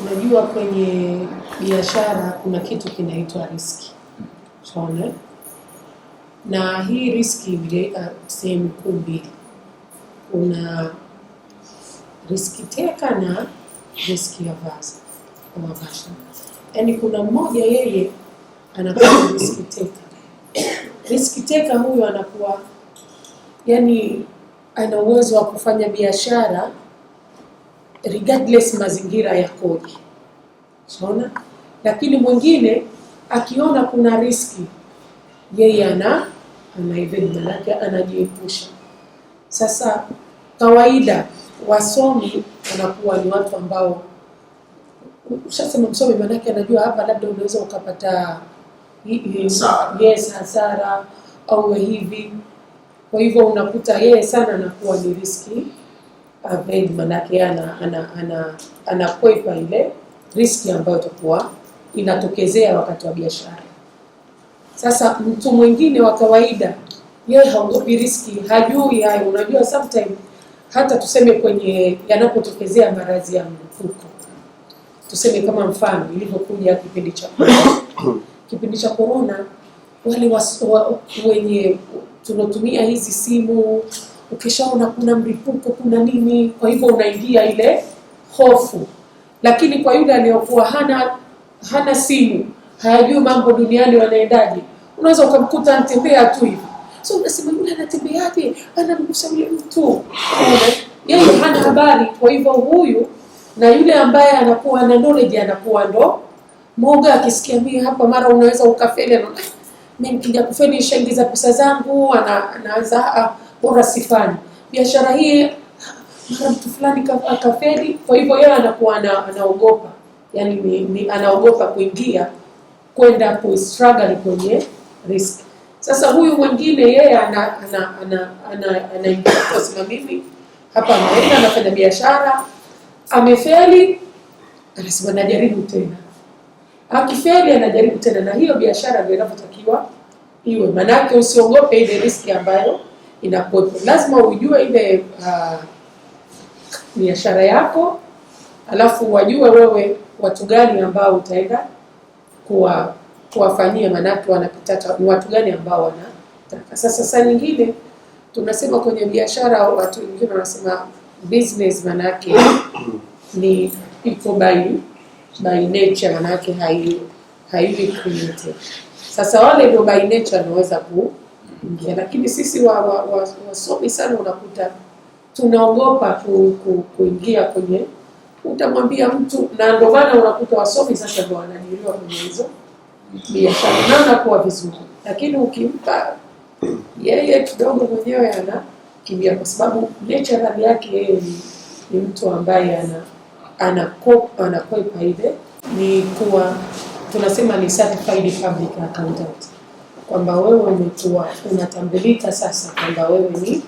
Unajua, kwenye biashara kuna kitu kinaitwa riski, unaona, na hii riski imegawika uh, sehemu kuu mbili. Kuna riski teka na riski ya aversion, yaani kuna mmoja yeye anakuwa riski teka. Riski teka huyo anakuwa, yani, ana uwezo wa kufanya biashara regardless mazingira kodi sona. Lakini mwingine akiona kuna riski, yeye ana anaevedi, manake anajiepusha. Sasa kawaida wasomi wanakuwa ni watu ambao ushasema msomi, manake anajua hapa labda unaweza ukapata yes hasara au hivi. Kwa hivyo unakuta yeye sana anakuwa ni riski avoid, manake ana ana ana anakwepa ile riski ambayo itakuwa inatokezea wakati wa biashara. Sasa mtu mwingine wa kawaida, yeye haogopi riski, hajui hayo. Unajua, sometime hata tuseme kwenye yanapotokezea maradhi ya mlipuko, tuseme kama mfano ilivyokuja kipindi cha kipindi cha korona, wale wenye tunatumia hizi simu ukishaona kuna mripuko, kuna nini, kwa hivyo unaingia ile hofu. Lakini kwa yule aliyokuwa hana hana simu, hayajui mambo duniani wanaendaje, unaweza ukamkuta anatembea tu hivi, so unasema yule anatembeaje, anamgusa yule mtu, yeye hana habari. Kwa hivyo huyu na yule ambaye anakuwa na knowledge anakuwa ndo moga, akisikia mimi hapa, mara unaweza ukafeli, ah, mimi nikija kufeli nishaingiza pesa zangu, anaanza ana ah, ana, bora sifanyi biashara hii. Mara mtu fulani akafeli, kwa hivyo yeye anakuwa anaogopa, yani ni, ni, anaogopa kuingia kwenda kustruggle kwenye risk. Sasa huyu mwingine yeye ana ana ana anaingia ana, mimi hapa anaenda anafanya biashara, amefeli, anasema najaribu tena, akifeli anajaribu tena, na hiyo biashara ndio inavyotakiwa iwe, manake usiogope ile riski ambayo inakuwepo. lazima ujue ile uh, biashara yako, alafu wajue wewe watu gani ambao utaenda kuwa kuwafanyia, maanake wanapita ni watu gani ambao wanataka. Sasa saa nyingine tunasema kwenye biashara, watu wengine wanasema business, manake ni iko by, by nature, maanake haiwi creative. Sasa wale ndio by nature wanaweza ku kuingia, lakini sisi wasomi wa, wa, wa sana unakuta tunaogopa ku, ku, kuingia kwenye utamwambia mtu, na ndio maana unakuta wasomi sasa ndio wanaajiriwa kwenye hizo biashara na unakuwa vizuri, lakini ukimpa yeye kidogo mwenyewe anakimbia, kwa sababu natural yake yeye ni, ni mtu ambaye ana anakwepa ile, ni kuwa tunasema ni certified public accountant kwamba wewe umekuwa unatambulika sasa kwamba wewe ni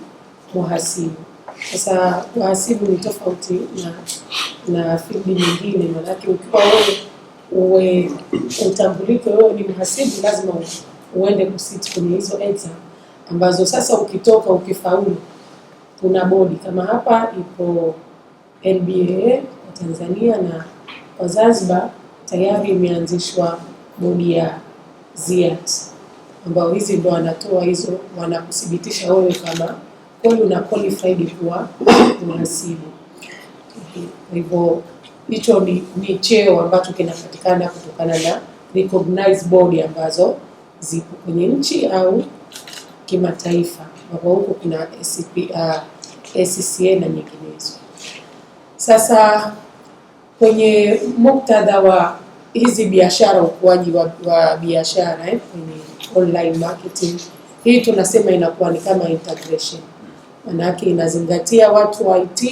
muhasibu. Sasa muhasibu ni tofauti na na field nyingine, maanake ukiwa wewe uwe utambulike wewe ni mhasibu, lazima uende kusit kwenye hizo exam ambazo sasa ukitoka ukifaulu, kuna bodi kama hapa ipo NBAA kwa Tanzania na kwa Zanzibar tayari imeanzishwa bodi ya ZIAT ambao hizi ndo wanatoa hizo, wanakuthibitisha wewe kama kweli una qualified kuwa mhasibu. Kwa hivyo hicho ni, ni cheo ambacho kinapatikana kutokana na recognized body ambazo zipo kwenye nchi au kimataifa, ambao huko kuna SCPA, uh, SCCA na nyinginezo. Sasa kwenye muktadha wa hizi biashara, ukuaji wa, wa biashara eh, kwenye online marketing. Hii tunasema inakuwa ni kama integration, manake inazingatia watu wa IT,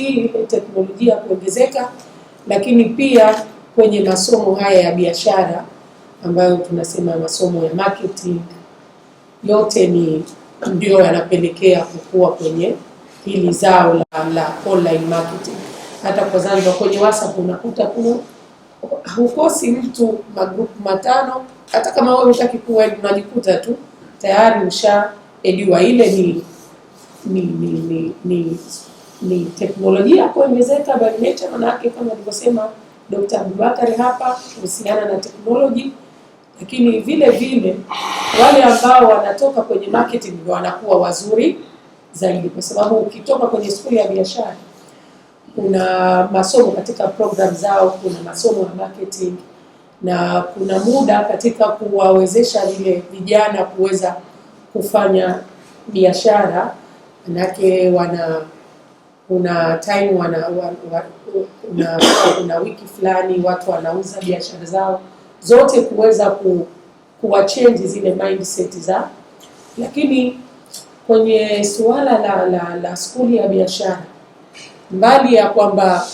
teknolojia kuongezeka, lakini pia kwenye masomo haya ya biashara ambayo tunasema masomo ya marketing, yote ni ndio yanapelekea kukua kwenye hili zao la, la online marketing. Hata kwa Zanzibar kwenye WhatsApp unakuta kuna hukosi mtu magrupu matano hata kama wewe hutaki kuwa unajikuta tu tayari ushaediwa. Ile ni ni ni ni, ni, ni teknolojia kuongezeka by nature, manake kama alivyosema Dr. Abubakari hapa kuhusiana na teknoloji, lakini vile vile wale ambao wanatoka kwenye marketing ndio wanakuwa wazuri zaidi, kwa sababu ukitoka kwenye skuli ya biashara kuna masomo katika program zao, kuna masomo ya marketing na kuna muda katika kuwawezesha vile vijana kuweza kufanya biashara, manake wana kuna time wana, wana, wana, kuna wiki fulani watu wanauza biashara zao zote kuweza ku, kuwachenji zile mindset za, lakini kwenye suala la, la, la skuli ya biashara, mbali ya kwamba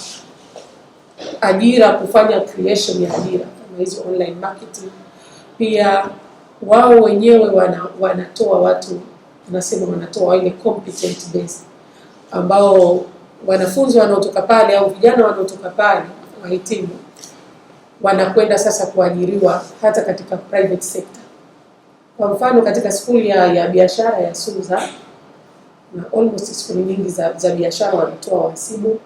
ajira kufanya creation ya ajira na hizo online marketing. Pia wao wenyewe wana, wanatoa watu tunasema wanatoa ile competent base ambao wanafunzi wanaotoka pale au vijana wanaotoka pale wahitimu wanakwenda sasa kuajiriwa hata katika private sector. Kwa mfano katika skuli ya, ya biashara ya Suza na almost skuli nyingi za, za biashara wanatoa wasibu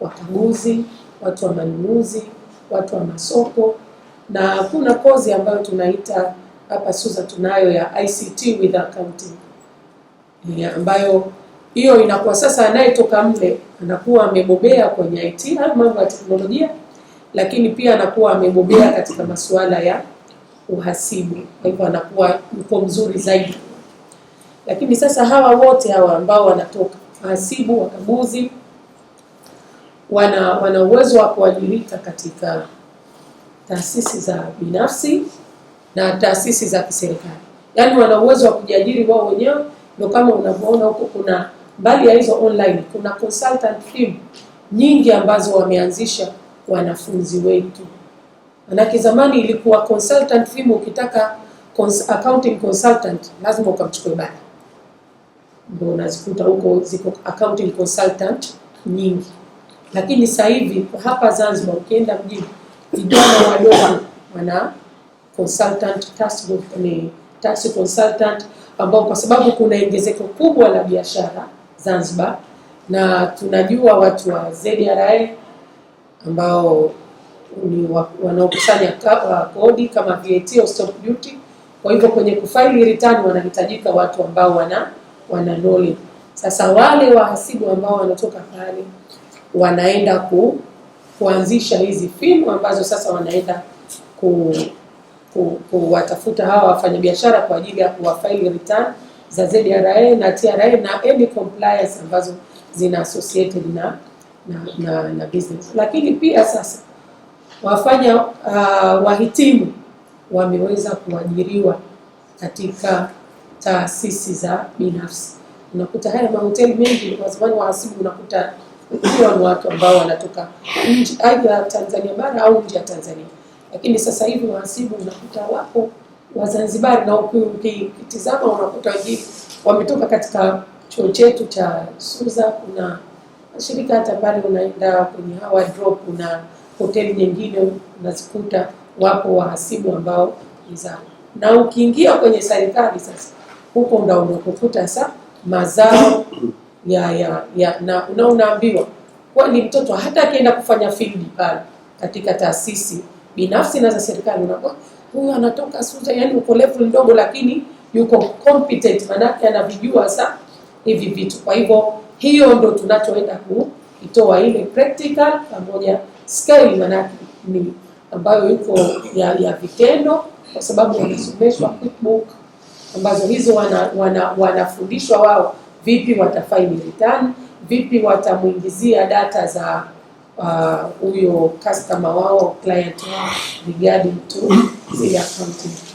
wakaguzi, watu wa manunuzi, watu wa masoko na kuna kozi ambayo tunaita hapa SUZA tunayo ya ICT with accounting ya ambayo hiyo inakuwa sasa, anayetoka mle anakuwa amebobea kwenye IT au mambo ya teknolojia, lakini pia anakuwa amebobea katika masuala ya uhasibu, kwa hivyo anakuwa mko mzuri zaidi. Lakini sasa hawa wote hawa ambao wanatoka wahasibu, wakaguzi, wana wana uwezo wa kuajirika katika taasisi za binafsi na taasisi za kiserikali, yaani wana uwezo wa kujiajiri wao wenyewe. Ndio kama unavyoona huko, kuna mbali ya hizo online, kuna consultant firm nyingi ambazo wameanzisha wanafunzi wetu, manake zamani ilikuwa consultant firm, ukitaka cons accounting consultant lazima ukamchukue bana, ndio unazikuta huko ziko accounting consultant nyingi, lakini sasa hivi hapa Zanzibar ukienda mjini vijana wadogo wana consultant task ni task consultant ambao kwa sababu kuna ongezeko kubwa la biashara Zanzibar, na tunajua watu wa ZRA ambao ni wanaokusanya kodi kama VAT au stamp duty. Kwa hivyo kwenye kufaili return wanahitajika watu ambao wana wana knowledge. Sasa wale wahasibu ambao wanatoka pale wanaenda ku kuanzisha hizi fimu ambazo sasa wanaenda ku, ku, kuwatafuta hawa wafanyabiashara kwa ajili ya kuwafaili return za ZRA na TRA na any compliance ambazo zina associated na, na, na, na business. Lakini pia sasa wafanya uh, wahitimu wameweza kuajiriwa katika taasisi za binafsi. Unakuta haya mahoteli mengi kwa zamani, wahasibu unakuta ukiwa ni watu ambao wanatoka nje aidha Tanzania bara au nje ya Tanzania. Lakini sasa hivi wahasibu unakuta wapo Wazanzibari, na ukitizama unakuta wengi wametoka katika chuo chetu cha Suza. Kuna shirika hata pale unaenda kwenye hawa drop, na hoteli nyingine unazikuta wapo wahasibu ambao za na ukiingia kwenye serikali sasa, huko ndio unakukuta sasa mazao ya, ya, ya na, na unaambiwa kuwa ni mtoto hata akienda kufanya field pale katika taasisi binafsi na za serikali, unakuwa huyu anatoka SUZA, yani uko level ndogo, lakini yuko competent, manake anavijua sa hivi vitu. Kwa hivyo hiyo ndo tunachoenda kuitoa ile practical pamoja scale, manake ni ambayo yuko ya, ya vitendo, kwa sababu wanasomeshwa book ambazo hizo wanafundishwa wana, wana wao vipi watafaili return, vipi watamwingizia data za uh, huyo uh, customer wao client wao regarding to the accounting